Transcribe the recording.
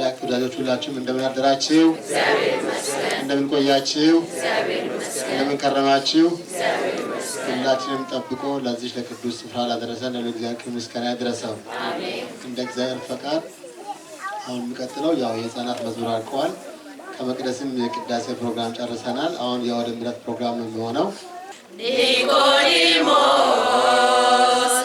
ላክ ወዳጆች ሁላችሁም እንደምን አደራችሁ? እንደምን ቆያችሁ? እንደምን ከረማችሁ? ሁላችንም ጠብቆ ለዚህ ለቅዱስ ስፍራ ላደረሰን ለእግዚአብሔር ምስጋና ያድረሰው። እንደ እግዚአብሔር ፈቃድ አሁን የሚቀጥለው ያው የህፃናት መዝሙር አልቀዋል። ከመቅደስም የቅዳሴ ፕሮግራም ጨርሰናል። አሁን ያው ወደ ፕሮግራም ነው የሚሆነው። ኒቆዲሞስ